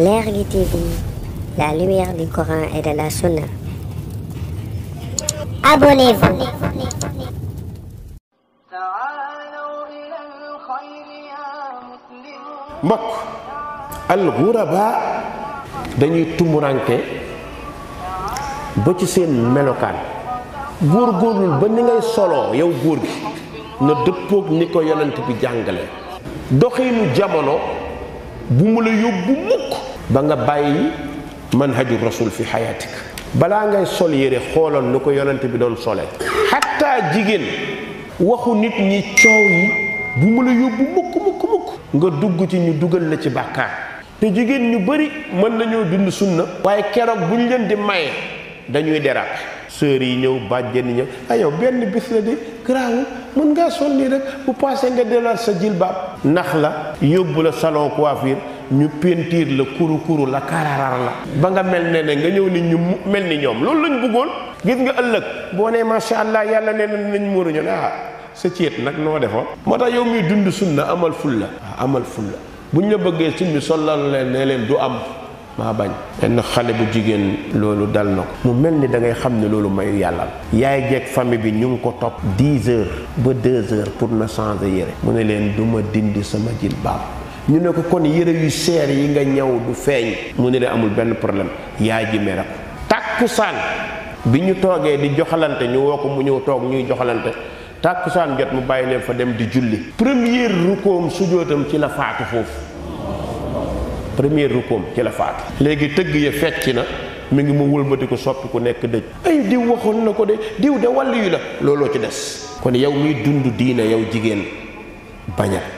L'air du TV, la lumière du Coran et de la Sunna. Abonnez-vous. Mok, al ghuraba dañuy tumuranke ba ci seen melokaan góorgóorlul ba ni ngay soloo yow góor gi na dëppoog bi jamono bu ba nga bàyyi manhaju rasul fi xayaatik balaa ngay sol yére xooloon nu ko yonent bi doon sole xatta jigéen waxu nit ñi coow yi bu mu la yóbbu mukk mukk mukk nga dugg ci ñu dugal la ci bàkkaar te jigéen ñu bari mën nañoo dund sunna waaye keroog buñ leen di maye dañuy dérapé sœurs yi ñëw bàjjen yi ñëw ah yow benn bis la di garaawul mën ngaa sol nii rek bu paasee nga delluwaat sa jilbaab nax la yóbbu la salon coiffure ñu pentiir la kuru kuru la kararar la ba nga mel ne ne nga ñëw ni ñu mel ni ñoom loolu lañu bëggoon gis nga ëllëg boo nee macha allah yàlla ne nee nañ muruñu ne ah sa ceet nag noo defoon moo tax yow miy dund sunna amal fulla ah, amal fulla buñ la bëggee suñu solal leen ne leen du am maa bañ benn xale bu jigéen loolu dal na ko mu mel ni da ngay xam ne loolu mayu yàlla la yaay jeeg famille bi ñu ngi ko topp dix heures ba deux heures pour na changer yére mu ne leen duma ma dindi sama jilbaab ñu ne ko kon yére yu seer yi nga ñaw du feeñ mu ne leen amul benn problème yaay ji mere ko tàkkusaan bi ñu toogee di joxalante ñu woo ko mu ñëw toog ñuy joxalante tàkkusaan jot mu bàyyi leen fa dem di julli première rukoom sujootam ci la faatu premier rukoom ci la faat léegi tëgg ya fecc na mi ngi mu wëlbatiku soppi ku nekk dëj ay diw waxoon na ko de diw de wàll yu la looloo ci des kon yow miy dund diina yow jigéen bañal